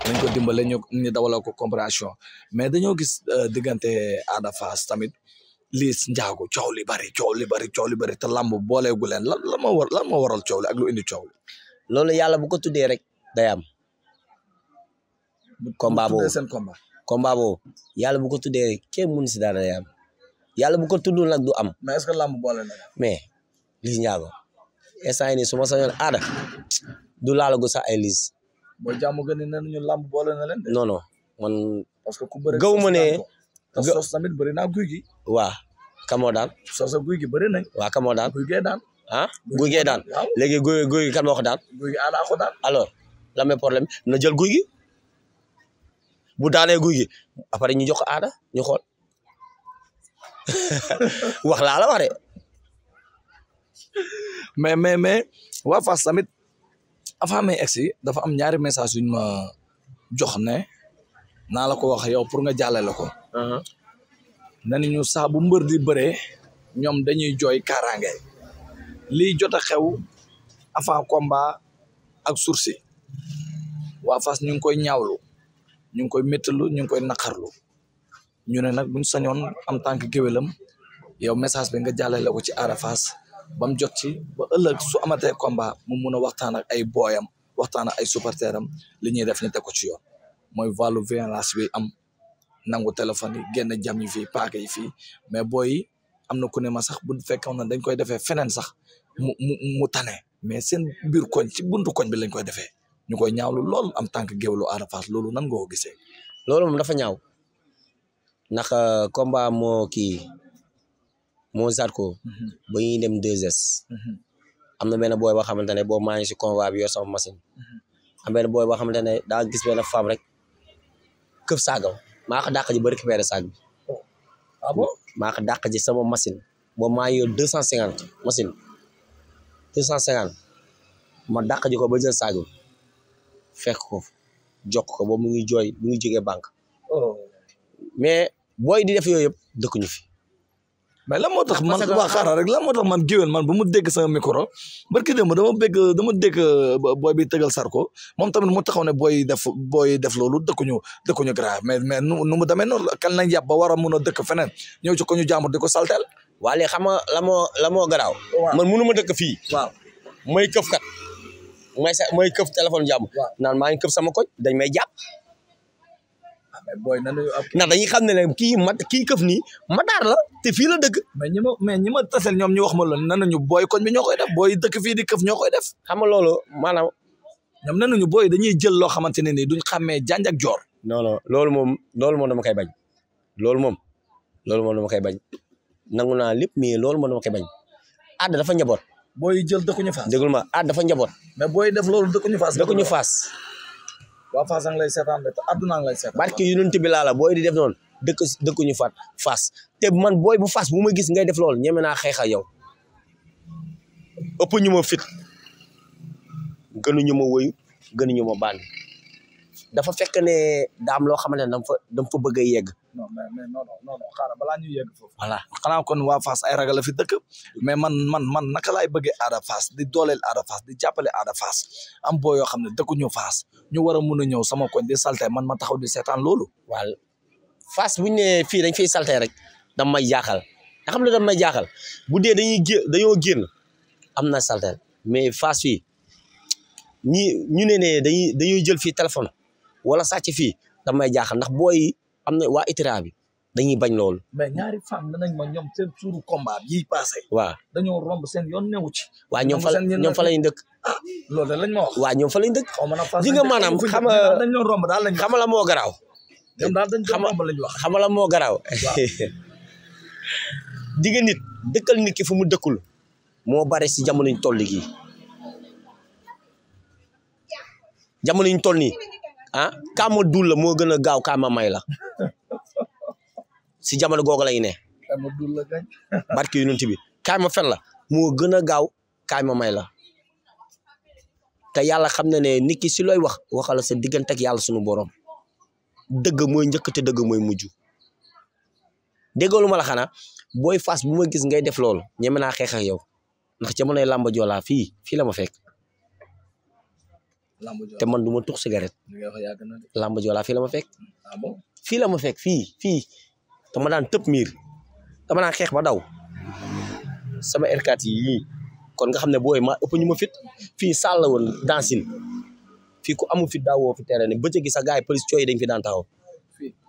nañ ko dimbale ñu ñu dawala ko compréhension mais dañoo gis diggante Ada Fass tamit liis njaago coow li bari coow li bari coow li bari te lamb booleegu leen lan lan moo lan moo waral coow ak lu indi coow li loolu yàlla bu ko tuddee rek day am combat boobu seen combat combat boobu yàlla bu ko tuddee rek kenn si dara day yàlla bu ko tuddul nag du am. mais est-ce que làmb boole na. mais Liss Ndiago instant yii du laalagu sax ay mo mooy jàmm gën ne ñu làmb boole na leen. non non man. parce que ku bëri gaw ma ne. te sos tamit bëri naa guy gi. waaw kamoo daan. sos guy gi bëri nañ. waaw kamoo daan guy gee daan. ah guy gee kan moo ko daan. guy gi aada bu daanee guy gi après ñu jox ko aada ñu xool wax laa la wax de. mais mais mais waa Fass tamit avant may egsi dafa am ñaari message yuñ ma jox ne naa la ko wax yow pour nga jàllale ko. Uh-huh. nani ñu saa bu mbër di bëree ñoom dañuy jooy kaaraange lii jot a xew avant combat ak sursi waa Fass ñu ngi koy ñaawlu. ñu ngi koy méttalu ñu ngi koy naqarlu ñu ne nag buñ sañoon am tànk géwélam yow message bi nga jàllale ko ci Ada Fass ba mu jot ci ba ëllëg su amatee combat mu mun a waxtaan ak ay booyam waxtaan ak ay supporteram li ñuy def ñu teg ko ci yoon mooy valu violence bi am nangu téléphone yi génn jam yi fii paaka yi fii mais booy yi am na ku ne ma sax bu fekkoon na dañ koy defee feneen sax mu mu mu tane mais seen biir koñ ci buntu koñ bi lañ koy defee ñu koy ñaawlu lool am tànk géwlu Ada Fass loolu nan nga gisee. loolu moom dafa ñaaw ndax euh, combat moo kii moo Zarko. ko mhm. ñuy dem 2S. Mhm. am na benn booy boo xamante ne boo maa ngi si convoi bi yor sama machine. Mhm. am benn booy boo xamante ne daa gis benn femme rek këf saagam maa ko dàq ji ba récupéré saag bi. ah dàq ji sama machine. boo maa ngi deux cent cinquante machine. deux cent ma dàq ji ko ba jël fekk ko jokk ko ba mu ngi jooy mu ngi jógee banque oh. mais booy di def yooyu yëpp dëkkuñu fi. mais lan moo tax man waa xaaral rek lan moo tax man géwél man bu mu dégg sama micro barki démb dama dégg dama dégg booy bi tëgal Sarko moom tamit mu taxaw ne booy def booy def loolu dëkkuñu dëkkuñu grave mais mais nu nu mu demee noonu kan lañ yàpp ba war mun a dëkk feneen ñëw ci ko ñu jàmbur di ko saltel waaye xam nga la moo la moo garaaw man mënu ma dëkk fii waaw may këf may sa may këf téléphone jàmm naan maa ngi këf sama koñ dañ may jàpp ah, ndax dañuy xam ne ne kii mat kii këf nii mataar la te fii la dëkk mais ñi ma mais ñi ma tasel ñoom ñu wax ma loolu nanuñu booy koñ bi ñoo def booy dëkk fii di këf ñoo koy def xam nga loolu maanaam na nanuñu booy dañuy jël loo xamante ne nii duñ xàmmee janj ak joor non non loolu moom loolu moom dama koy bañ loolu moom loolu moom dama koy bañ nangu naa lépp mais loolu moom dama koy bañ àdd dafa njaboot booy jël dëkkuñu faas. déglu ma ah dafa njaboot. mais booy def loolu dëkkuñu a ngi lay seetaan de te àdduna a ngi lay seetaan. barke yonent bi laa la booy di def noonu dëkk dëkkuñu faat faas te man booy bu fas bu ma gis ngay def loolu ñeme naa xeex ak yow ëpp ñu ma fit gënuñu ma woyu gënuñu ma dafa fekk ne daam loo xamante ne dama fa dama fa bëgg a yegg. non mais mais non non non xaaral balaa ñuy yegg foofu. voilà xanaa kon waa Fass ay ragal la fi dëkk. mais man man man naka laay bëggee aada Fass di dooleel aada Fass di jàppale aada Fass am boo yoo xam ne dëkkuñu Fass ñu war a mun a ñëw sama koñ di salte man ma taxaw di seetaan loolu. waaw Fass bu ñu fii dañ fiy salte rek dam may jaaxal nga xam ne dam may jaaxal bu dee dañuy génn dañoo génn am na salte mais Fass fii ñi ñu ne ne dañuy dañuy jël fii téléphone wala sàcc fi dam may jaaxal ndax booy. am na waa ITRA bi dañuy bañ loolu. mais ñaari femme danañ ma ñoom seen suuru combat yi passé. waaw dañoo romb seen yoon newu ci. waa ñoom fa ñoom fa lañu dëkk. ah loolu lañ ma wax. waa ñoom fa lañu dëkk. ji nga maanaam xam nga romb daal lañ xamala moo garaaw. ñoom daal dañ romb lañ wax xamala moo garaaw. di nga nit dëkkal nit ki fu mu dëkkul moo bare si jamono ñu toll gii jamono ñu ah kaama dul la moo gën a gaaw kaama may la si jamono googu lay ne. kaama dul la gañ. barke la moo gën a gaaw kaama may la te yàlla xam na ne nit ki si looy wax waxala sa diggante yàlla sunu boroom dëgg mooy njëkk te dëgg mooy mujj déggoolu ma la xanaa booy fas bu ma gis ngay def loolu ñeme naa xeex ak yow ndax jamonoy làmba joolaa fii fii la ma fekk. te man du ma tux cigarette làmb joolaa fii la ma fekk ah fii la ma fekk fii fii dama daan tëb miir dama daan xeex ba daw sama R4 yi yii kon nga xam ne booy ma ëpp ma fit fii sàll la woon dancine fii ku amul fit daawoo fi terrain ni bëccëg gi sax gars yi police dañ fi daan taxaw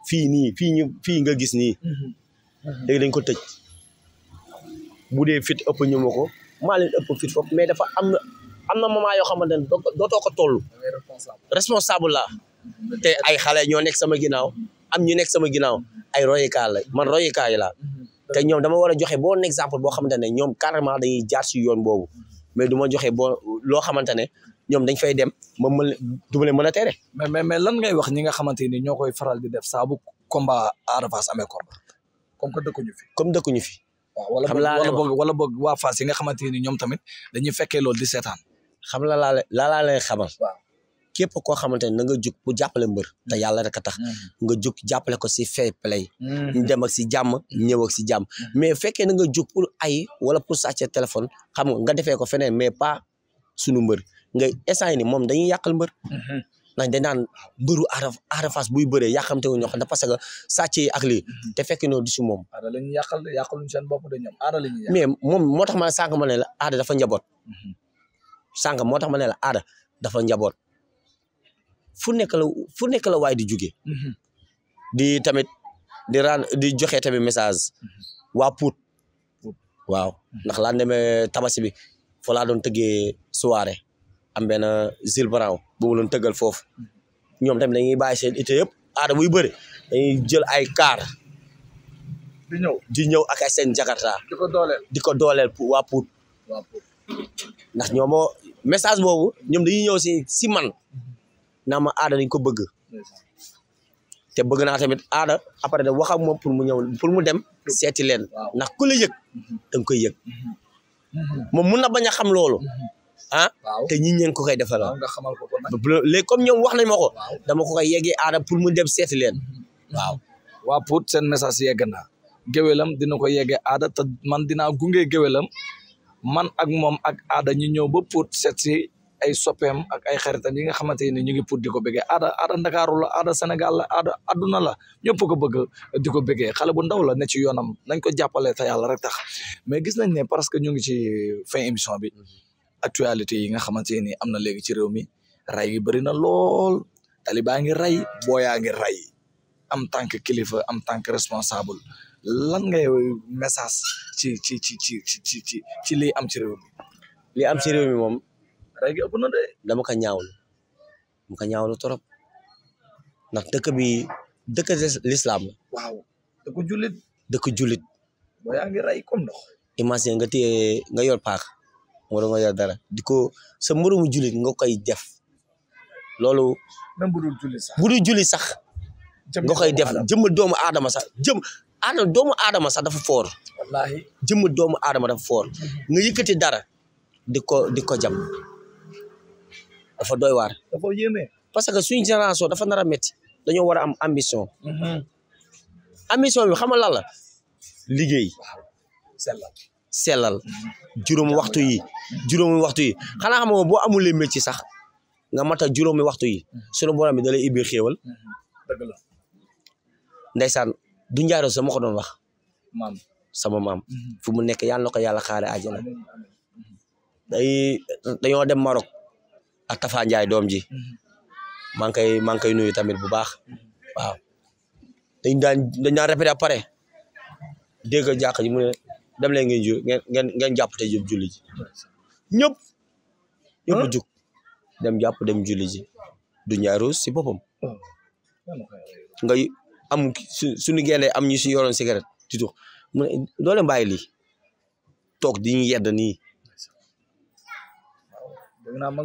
fi ni fii ñu nga gis ni mhm. mhm. léegi dañ ko tëj bu de fit ëpp ko maa leen fit foofu mais dafa am am na moment yoo xamante ne dootoo ko toll responsable la te ay xale ñoo nekk sama ginnaaw am ñu nekk sama ginnaaw ay royukaay la man royukaay la te ñoom dama war a joxe bon exemple boo xamante ne ñoom carrément dañuy jaar si yoon boobu mais du ma joxe bon loo xamante ne ñoom dañ fay dem ma mën du ma leen tere. mais mais lan ngay wax ñi nga xamante ni ñoo koy faral di def saabu combat Ada Fass amee combat comme que dëkkuñu fi. comme dëkkuñu fi. waaw wala boog wala boog waa Fass yi nga xamante ni ñoom tamit dañuy fekkee loolu di seetaan. xam la laa la laa lay xamal. képp koo xamante ne na nga jóg pour jàppale mbër te yàlla rek a tax mm-hmm. nga jóg jàppale ko si fair play ñu mm-hmm. dem ak si jàmm mm-hmm. ñëw ak si jàmm mais fekkee na nga jóg pour ay wala pour sàcce téléphone xam nga defee ko feneen mais pas sunu mbër nga instant ni moom dañuy yàqal mbër ndax dañ naan mbëru aara Ada Fass buy bëree yàqamte wu ñoo xam ne parce que sàcce yi te fekk noo du si moom aada la ñu yàqal yàqaluñ seen bopp de moom moo tax ma sànq ma ne la aada dafa njaboot sànq moo tax ma ne la aada dafa njaboot fu nekk la waay di jóge mhm. di tamit di ran di joxe tamit message mhm. waa Pout waaw mhm. ndax laa demee tabaski bi fa laa doon tëggee soirée am benn zil brown foofu ñoom tamit dañuy bàyyi seen ité yëpp aada buy bëri dañuy ay kaar di ñëw di ñëw ak jakarta di ko dooleel di ko ndax ñoo moo message boobu ñoom dañuy ñëw si si man naa ma aada dañ ko bëgg te bëgg naa tamit aada après da wax ak moom pour mu ñëw pour mu dem seeti leen ndax ku la yëg da koy yëg moom mun na bañ a xam loolu ah te ñi ñeen ko koy defal léegi comme ñoom wax nañ ma ko dama ko koy yeggee aada pour mu dem seeti leen mhm. waaw waa sen message yegg na géwélam dina ko yeggee aada man dinaa gunge géwélam man ak moom ak aada ñu ñëw ba Pout seet si ay soppeem ak ay xaritam yi nga xamante ne ñu ngi Pout di ko bëggee aada aada Ndakaaru la aada Sénégal la aada adduna la ñëpp ko bëgg di bëggee xale bu ndaw la ne ci yoonam nañ ko jàppale te yàlla rek tax mais gis nañ ne parce que ñu ngi ci fin émission bi actualité yi nga xamante ni am na léegi ci réew mi ray bëri na lool talibaa ngi ray booyaa ngi ray am tant que kilifa am tant que responsable lan ngay message ci ci ci ci ci ci am ci réew mi. li am ci réew mi moom. rek ëpp na de. dama ko ñaawlu dama ko ñaawlu trop ndax dëkk bi dëkk lislaam la. waaw dëkk dëkk jullit. boo yaa nga téye nga yor paak wala nga yor dara di ko sa moromu jullit nga koy def loolu. même bu dul sax bu nga koy def jëmmal doomu aadama sax jëm aada doomu aadama sax dafa foor wallaahi jëmm doomu aadama dafa foor nga dara di ko di ko jam dafa doy waar parce que suñu génération dafa nar a métti dañoo war a am ambition mm-hmm. ambition bi xamal lan la liggéey sellal sellal mm-hmm. waxtu yi juróomi waxtu yi xanaa xam nga boo amulee métier sax nga mata juróomi waxtu yi mm-hmm. sunu borom bi da lay ibbi xéewal du njaaroo sama ko doon wax sama maam mhm. fu mu nekk yàlla na ko yàlla xaare àjjana day dañoo dem Maroc ak Tafa Njaay doom ji mhm. maa ngi koy maa ngi nuyu tamit bu baax mhm. waaw dañ daan dañ daan répété pare dégg jàq ji mu ne dem leen ngeen jub julli ji ñëpp ñëpp jug dem jàpp dem julli ji du ñaaru si boppam oh. nga am su suñu génnee am ñu si yoroon cigarette di tux mu ne doo leen lii toog di ñu yedd nii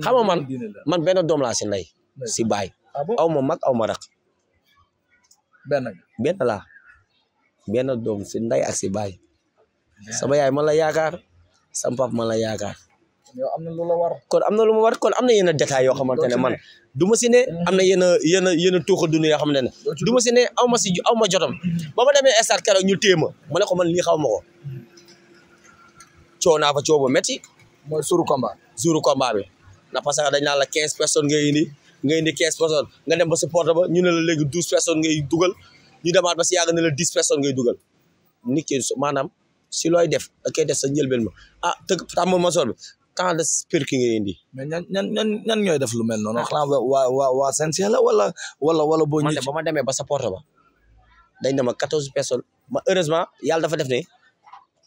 xam nga man man benn doom laa si ndey si baay ah aw ma mag aw ma benn la benn doom si ndey ak si baay sama yaay man la yaakaar sama pap man la yaakaar yow am na lu la war kon am na lu ma war kon am na yenn détails yoo xamante ne man du ma si ne mm-hmm. am na yenn yenn yenn tuuxa dund yoo xam ne ne du ma si ne aw ma si aw ma jotam mm-hmm. ba ma demee stade keroog ñu téye ma ma ne ko man lii xaw ma ko coow naa fa coow mooy suru combat suru combat bi na parce que dañ naan la quinze personnes ngay indi ngay indi quinze personnes nga dem ba supporter ba ñu ne la léegi douze personnes ngay dugal ñu demaat ba si yàgg ne la dix personnes ngay dugal ni ki maanaam si looy def a koy def sa njëlbeen ma ah tëgg tàmm ma sol temps de spirki ngay indi. mais ñan ñan ñan ñooy def lu mel noonu. Ah. xanaa waa waa waa CNCR la wala wala wala boo. ñu ba ma demee ba sa porte ba. dañ dama quatorze personnes ma heureusement yàlla dafa def ne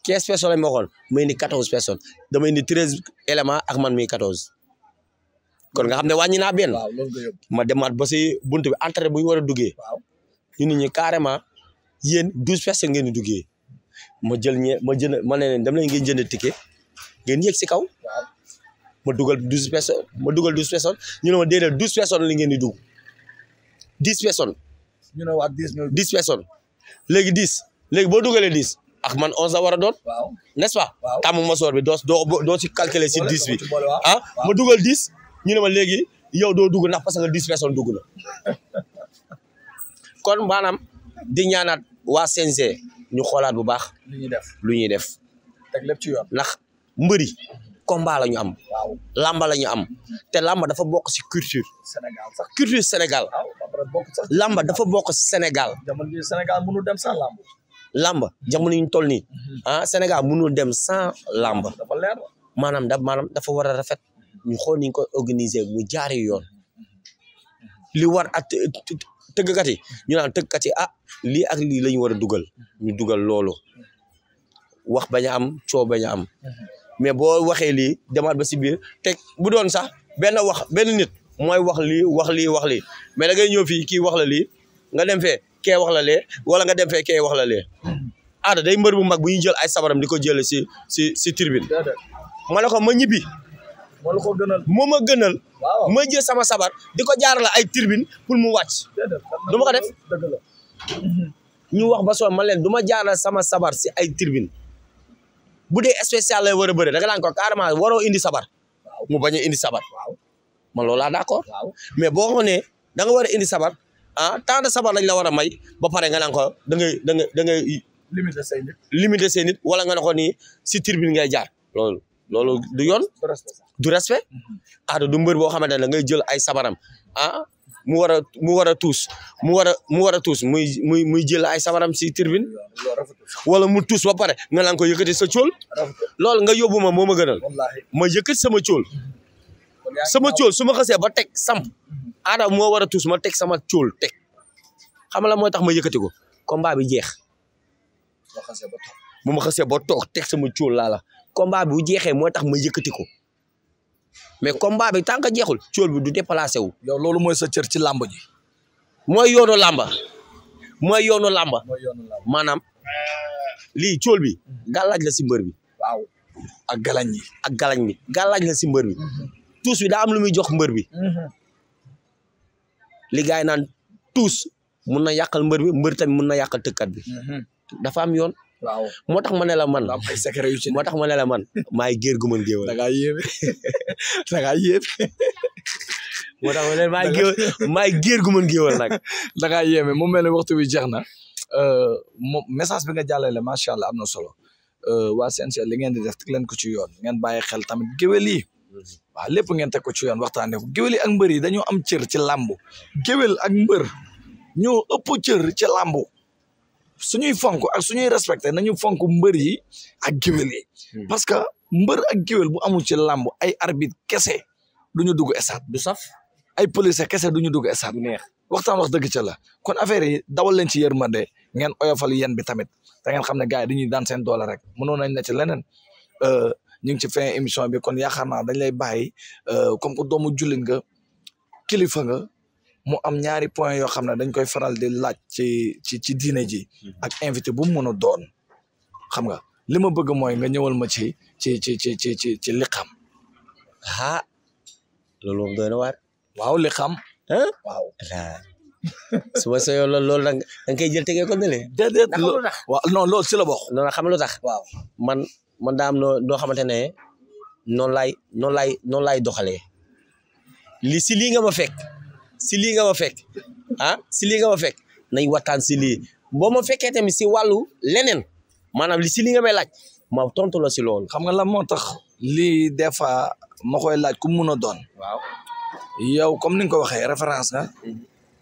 quinze personnes lañ ma ma indi quatorze personnes dama indi treize éléments ak man mi quatorze. kon nga xam ne wàññi naa benn. ma demaat ba si buntu bi entrée bu ñu war a duggee. ñu nit ñi carrément yéen douze personnes ngeen di duggee ma jël ñe ma jënd ma ne leen dem leen ngeen jënd ticket. ngeen yëg si kaw ma dugal douze personnes ma dugal douze personnes ñu ne ma déedéet douze li ngeen di dugg dix personnes ñu ne waa dix personnes léegi dis léegi boo dugalee dix ak man onze la war a doon n'est-ce pas tàmm ma soor bi doo doo doo si calculer si dix bi ah ma dugal dix ñu ne ma léegi yow doo dugg nax parce que dis personnes dugg na kon maanaam di ñaanaat waa CNG ñu xoolaat bu baax lu ñuy def lu ñuy def teg lépp ci yoon ndax mbëri combat la ñu am làmba la ñu am te làmba dafa bokk ci culture culture Sénégal làmba dafa bokk ci Sénégal làmba jamono ñu toll nii mhm. ah Sénégal mënul dem sans làmba maanaam da maanaam dafa war a rafet ñu xool ni ñu koy organiser mu jaari yoon mhm. li war ak tëggkat ñu naan tëggkat yi ah lii ak lii la war a dugal ñu dugal loolu wax bañ am coow bañ am mhm. mais boo waxee lii demaat ba si biir teg bu doon sax benn wax benn nit mooy wax lii wax lii wax lii mais da ngay ñëw fii kii wax la lii nga dem fee kee wax la lee wala nga dem fee kee wax la lee aada day mbër bu mag bu ñuy jël ay sabaram di ko jële si si si tribune ma ne ko ma ñibbi moo ma gënal ma jël sama sabar di ko jaarale ay tribune pour mu wàcc duma ma def ñu wax ba soo man leen du ma jaaral sama sabar si ay tribune bu dee spécial lay war a bëri da nga naan waro indi sabar mu bañ a indi sabar ma loolu laa d'accord mais boo ko nee da nga war a indi sabar ah tant de sabar lañ la war a may ba pare nga naan ko da ngay da ngay da nit wala nga ne ko nii si tribune ngay jaar loolu loolu du yoon du respect mm-hmm. aada du mbër boo xamante ne da ngay jël ay sabaram ah mu war a mu war a tuus mu war a mu war a tuus muy muy muy jël ay samaram si turbine wala mu tuus ba pare nga naan ko sa cool loolu nga yóbbu ma moo ma gënal ma yëkkati sama cóol sama cóol su ma xasee ba teg samp aada moo war a tuus ma teg sama cóol teg xam la moo tax ma yëkkati ko combat bi jeex mo ma xasee ba toog teg sama cóol laa la combat bu jeexee moo tax ma yëkkati ko mais combat bi tan que jeexul cool bi du déplacé wu. yow loolu mooy sa cër ci làmb ji. mooy yoonu làmba mooy yoonu làmba maanaam lii cool bi gàllaaj la si mbër bi. waaw ak bi ak galañ bi gàllaaj la si mbër bi. Mhm. tuus bi daa am lu muy jox mbër bi. Mhm. li gars yi naan tuus mun na yàqal mbër bi mbër tamit mun na yàqal tëkkat bi. Mhm. dafa am waaw moo tax ma ne la man. am ay secret yu ci moo tax ma ne la man. maay géer gu mën géewal. da ngaa yéeme da ngaa yéeme. moo géer gu mën géewal nag. da ngaa yéeme mu mel ne waxtu bi jeex na euh, moom message bi nga jàllale macha allah am na solo euh, waa CNCR li ngeen di def teg leen ko ci yoon ngeen bàyyi xel tamit géwél yi. waaw lépp ngeen teg ko ci yoon waxtaanee ko géwél yi ak mbër yi dañoo am cër ci làmb géwél ak mbër ñoo ëpp cër ci làmb. suñuy fonk ak suñuy respecté nañu fonk mbër yi ak géwél yi hmm. parce que mbër ak géwél bu amul ci làmb ay arbitre kese du ñu dugg esaat du saf ay police kese du ñu dugg esaat waxtaan wax dëgg ca la kon affaire yi dawal leen ci yërmande ngeen oyofal yéen bi tamit da ngeen xam ne gars yi dañuy daan seen doole rek mënoon nañ ne ci leneen euh, ñu ngi ci fin émission bi kon yaakaar naa dañ lay bàyyi euh, comme que doomu jullit nga kilifa nga mu am ñaari point yoo xam ne dañ koy faral di laaj ci ci ci diine ji mhm. ak invité bu mu mën a doon xam nga li ma bëgg mooy nga ñëwal ma ci ci ci ci ci ci ci liqam ah loolu moom doy na waar waaw liqam waaw su ma sooyoo loolu loolu nag da nga koy jël tegee ko ne leen déedéet waaw si la bokk non xam lu tax waaw man man daa am noo noo xamante ne noonu laay noonu laay noonu laay doxalee li si lii nga ma fekk si lii nga ma fekk ah si lii nga ma fekk nañ waxtaan si lii boo ma fekkee tamit si wàllu leneen maanaam li si lii nga may laaj ma tontu la si loolu. xam nga lan moo tax lii des fois ma koy laaj ku mun a doon. waaw yow comme ni nga ko waxee référence ah,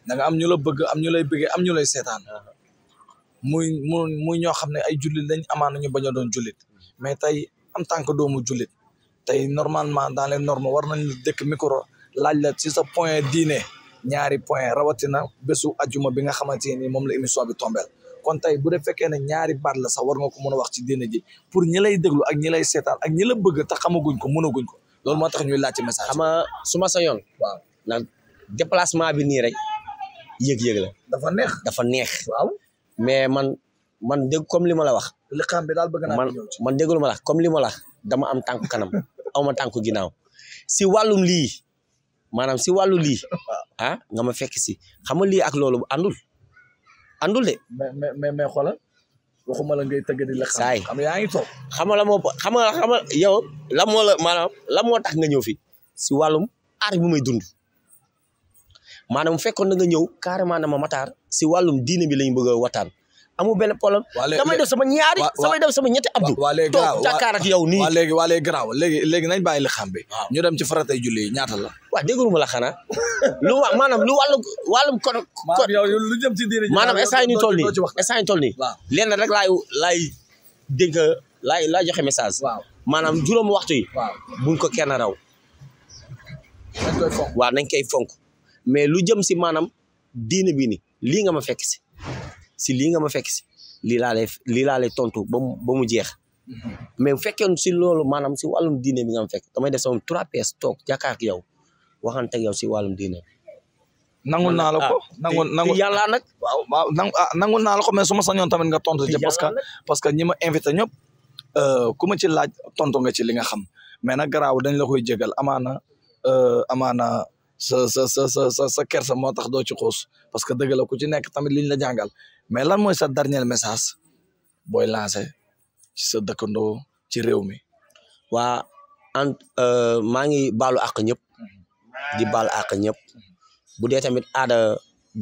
nga. da am ñu la bëgg am ñu lay bëggee am ñu lay seetaan. Ah. muy muy muy ñoo xam ne ay jullit lañ amaana ñu bañ a doon jullit. mais tey en tant que doomu jullit. tey normalement dans les normes war nañ dëkk micro laaj la si sa point diine ñaari point rawatina bésu ajuma bi nga xamante ni moom la émission bi tombeel kon tey bu dee fekkee ne ñaari baat la sax war nga ko mën a wax ci diine ji pour ñi lay déglu ak ñi lay seetaan ak ñi la bëgg te xamaguñ ko mënaguñ ko loolu moo tax laaj ci message. xam nga su ma sa yoon. waaw ndax bi nii rek yëg-yëg la. dafa neex dafa neex. waaw mais man man dégg comme li ma la wax. li xam daal bëgg naa man man dégglu ma la comme li ma la dama am tànku kanam aw ma tànku ginnaaw si wàllum lii. maanaam si wàllu lii ah nga ma fekk si xam nga lii ak loolu àndul àndul de. mais mais mais xoolal waxuma la ngay tëgg di saay xam yaa ngi toog. xam nga la moo xam nga xam yow la moo maanaam la moo tax nga ñëw fi si wàllum aar bi may dund maanaam fekkoon na nga ñëw carrément na ma mataar si wàllum diine bi lañ bëgg a wataan amul benn problème. damay def sama ñaari. samay def sama ñetti abdu. waa léegi garaaw toog jàkkaar yow nii. waa léegi waa garaaw léegi léegi nañ bàyyi li xam bi. ñu dem ci faratay julli yi ñaata la. waa déglu ma la xanaa lu wa maanaam lu wàllu wàllum kon. maanaam yow lu jëm ci diir maanaam instant yii ñu toll nii instant yii ñu toll nii. waaw lenn rek laay laay dégg laay laay joxe message. waaw maanaam juróom waxtu yi. waaw buñ ko kenn raw. nañ fonk waaw nañ koy fonk mais lu jëm si maanaam diine bi ni lii nga ma fekk si si lii nga ma fekk si lii laa lay tontu ba mu ba mu jeex mm-hmm. mais bu fekkee si loolu maanaam si wàllum diine bi nga ma fekk damay def sama trois pièces toog jàkkaar ak yow waxante ak yow si wàllum diine nangu naa la ko ah, nangul nangul yàlla nag waaw waaw ah, nangul naa la ko mais su ma sañoon tamit nga tontu ci parce que parce que ñi ma invité ñëpp euh, ku ma ci laaj tontu nga ci li nga xam mais nag garaaw dañ la koy jégal amaana euh, amaana sa sa sa sa sa kersa moo tax doo ci xuus parce que dëgg la ku ci nekk tamit liñ la jàngal mais lan mooy sa dernier message booy lancé ci sa dëkkandoo ci réew mi. waa en euh, maa ngi baalu àq ñëpp di bal àq ñëpp bu dee tamit aada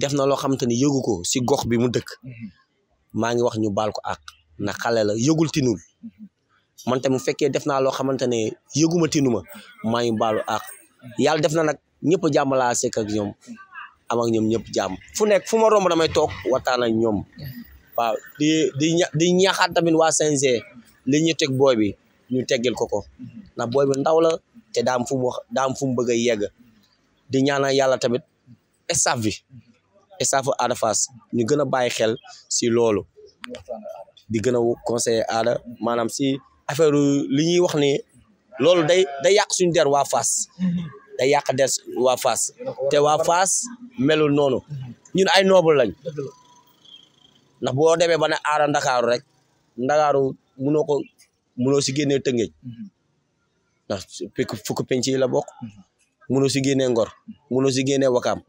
def na loo xamante ni yëgu ko si gox bi mu dëkk maa ngi wax ñu baal ko àq na xale la yëgul tinul man tamit bu fekkee def naa loo xamante ne yëguma tinuma maa ngi baalu àq yàlla def na nag ñëpp jàmm laa sekk ñoom am ak ñoom ñëpp jàmm fu nekk fu ma romb damay toog waxtaan ak ñoom waaw di di di ñaaxaat tamit waa CNG li ñu teg booy bi ñu teggil ko ko ndax booy ndaw la te daam fu mu wax mu bëgg a yegg di ñaanal yàlla tamit staff bi staff Ada Fass ñu gën a bàyyi xel si loolu di gën a conseiller aada maanaam si affaire li ñuy wax ni loolu day day yàq suñu der waa Fass day yàq des waa fas te waa Fass melul noonu ñun ay noble lañ ndax boo demee ba ne aara ndakaaru rek ndakaaru mënoo ko mënoo si génnee tëngeej ndax fukk penc yi la bokk mënoo si génnee ngor mënoo si génnee wakaam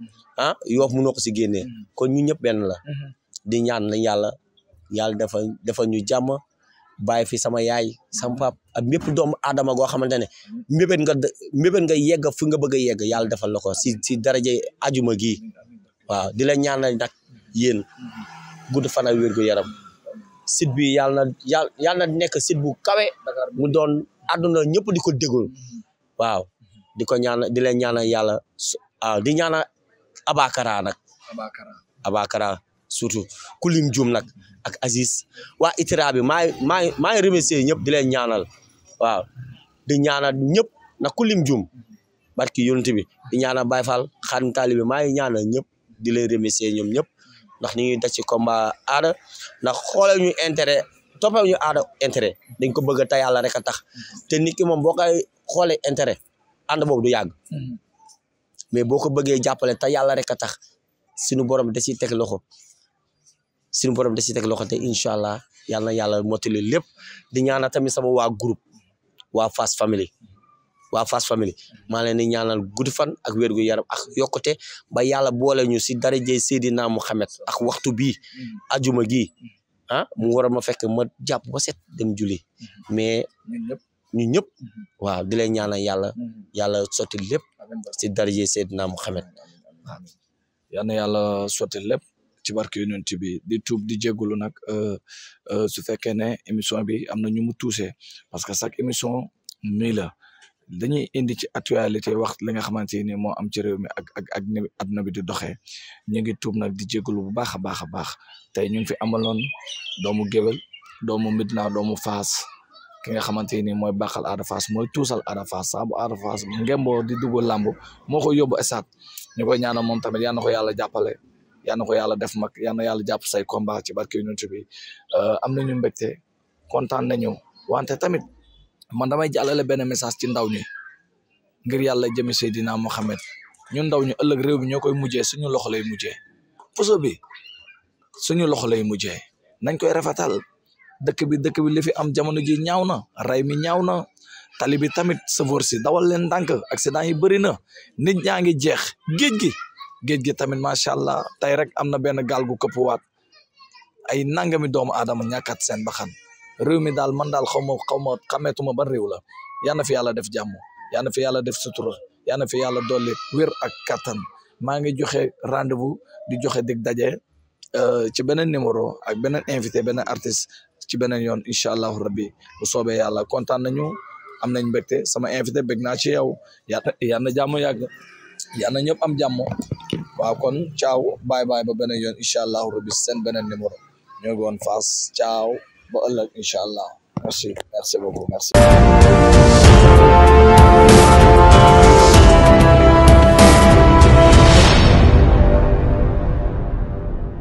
ah yoof mënoo génnee kon ñu ñëpp benn la di ñaan lañ yàlla yàlla dafa dafa ñu bàyyi fi sama yaay sama mm-hmm. pap ak mépp doomu aadama goo xamante ne mbébét nga mbébét yegg fi nga bëgg a yegg yàlla defal la ko si si daraje ajuma gi waaw di la ñaanal nag yéen mm-hmm. gudd fan yaram site bi yàlla na yàlla yàlla nekk site bu kawe mu doon àdduna ñëpp di ko déglu mm-hmm. waaw di ko ñaan di leen ñaanal yàlla ah, di ñaanal abakara nag abakara surtout kulim juum nag ak Aziz waa ITRA bi maa maa maa ngi ñëpp di leen ñaanal waaw di ñaanal ñëpp na ku lim jum barki yonent bi di ñaanal Baye Fall Xaadim maa ngi ñaanal ñëpp di leen remercier ñoom ñëpp ndax ñu ngi daj ci combat aada ndax xoolal ñu intere toppal ñu aada intere dañ ko bëgg a te yàlla rek a tax te nit ki moom boo koy xoolee intérêt ànd boobu du yàgg mm-hmm. mais boo ko bëggee jàppale te yàlla rek a tax suñu borom da ciy teg loxo suñu borom da si teg incha allah yal na yàlla motali lépp di ñaana tamit sama waa groupe waa Fass Family waa Fass Family maa leen di ñaanal guddi fan ak wér gu yaram ak yokkute ba yàlla boole ñu si darajey Seydina Muhammad ak waxtu bii ajuma gii ah mu waroon ma fekk ma jàpp ba set dem julli mais ñun ñëpp waaw di leen ñaanal yàlla yàlla sotti lépp si darajey Seydina Muhammad waaw yal na ci barke yonent bi di tuub di jégalu nag euh, euh, su fekkee ne émission bi am na ñu mu tuuse parce que chaque émission mila la dañuy indi ci actualité wax li nga xamante ni moo am ci réew mi ak ak ak adduna bi di doxee ñu ngi tuub nag di jégalu bu baax a baax a baax tey ñu ngi fi amaloon doomu géwél doomu Medina doomu Faas ki nga xamante ni mooy bàqal Ada Fass mooy tuusal Ada Fass saabu Ada Fass ngemboo di dugg lamb moo ko yóbbu esat ñu koy ñaanal moom tamit yal na ko yàlla jàppale yal na ko yàlla def mag yal na yàlla jàpp say combat ci barke yonent bi euh, am nañu mbégte kontaan nañu wante tamit man damay jàllale benn message ci ndaw ñi ngir yàlla jëme Seydina Mohamed ñu ndaw ñu ëllëg réew bi ñoo koy mujjee suñu loxo lay mujjee puso bi suñu loxo lay mujjee nañ koy rafetal dëkk bi dëkk bi li fi am jamono ji ñaaw na rey mi ñaaw na tali bi tamit savor si dawal leen ndànk accident yi bëri na nit ñaa ngi jeex géej gi géej gi tamit macha allah tey rek am na benn gaal gu këppuwaat ay nangami doomu aadama ñàkkat seen baxan réew mi daal man daal xaw ma xaw ma xameetuma ban réew la yal fi yàlla def jàmm yal fi yàlla def sutura yal na fi yàlla dolli wér ak kattan maa ngi joxe rendez-vous di joxe dig daje euh, ci beneen numéro ak beneen invité beneen artiste ci beneen yoon incha allahu rabbi bu soobee yàlla kontaan nañu am nañ mbégte sama invité bég naa ci yow yal na jàmm yàgg yal ñëpp am jàmm waaw kon caaw bye bye ba beneen yoon incha allah rabbi seen beneen numéro ñoo ngi woon Fass caaw ba ëllëg incha allah merci merci beaucoup merci